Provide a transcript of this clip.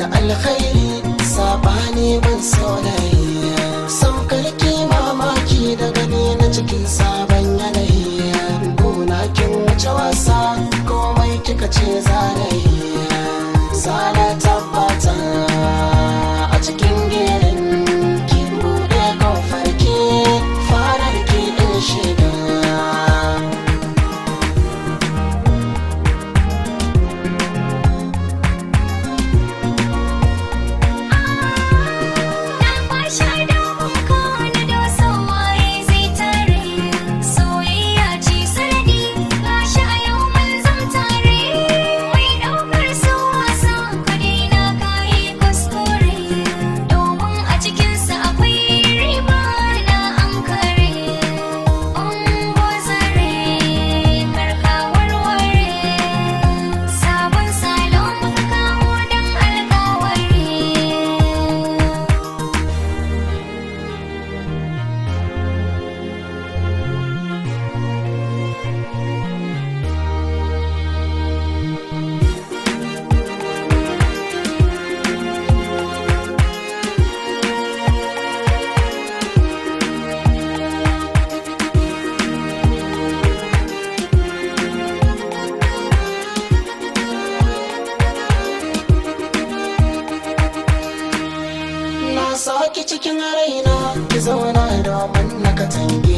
da alkhairi sabani ban saurayi sam ki mamaki da gani na cikin sabon yanayi gona kin wuce wasa komai kika ce zare ki cikin raina ki zauna da na ka